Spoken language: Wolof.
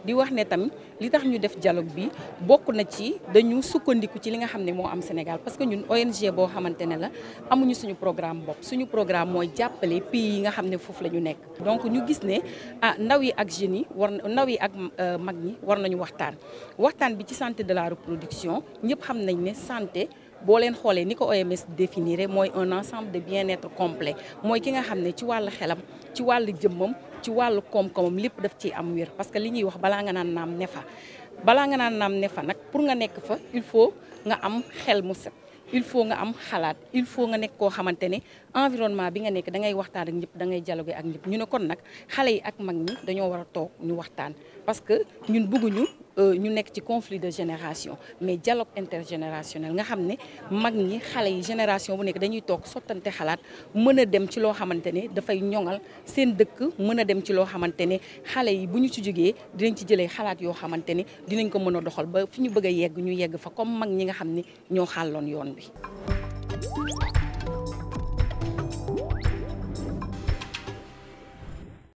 di wax ne tamit li tax ñu def dialogue bi bokk na ci dañu sukkandiku ci li nga xam ne moo am Sénégal parce que ñun ONG boo xamante ne la amuñu suñu programme bopp suñu programme mooy jàppale pays yi nga xam ne foofu lañu nekk. donc ñu gis ne ah ndaw yi ak jeunes yi war ndaw yi ak euh, mag ñi war nañu waxtaan waxtaan bi ci santé de la reproduction ñëpp xam nañ ne santé. boo leen xoolee ni ko OMS définir mooy un ensemble de bien-être complet mooy ki nga xam ne ci wàllu xelam ci wàllu jëmmam ci wàllu koom-koomam lépp daf ciy am wér parce que li ñuy wax balaa nga naan naam ne balaa nga naan ne fa nag pour nga nekk fa il faut nga am xel mu set il faut nga am xalaat il faut nga nekk koo xamante ne environnement bi nga nekk da ngay waxtaan ak ñëpp da ngay dialogue ak ñëpp ñu ne kon nag xale yi ak mag ñi dañoo war a toog ñu waxtaan parce que ñun bëgguñu Euh, ñu nekk ci conflit de génération mais dialogue intergénérationnel nga xam ne mag ñi xale yi génération bu nekk dañuy toog sottante xalaat mën a dem ci loo xamante ne dafay ñoŋal seen dëkk mën a dem ci loo xamante ne xale yi bu ñu ci jógee dinañ ci jëlee xalaat yoo xamante ne dinañ ko mën a doxal ba fi ñu bëgg a yegg ñu yegg fa comme mag ñi nga xam ne ñoo loon yoon bi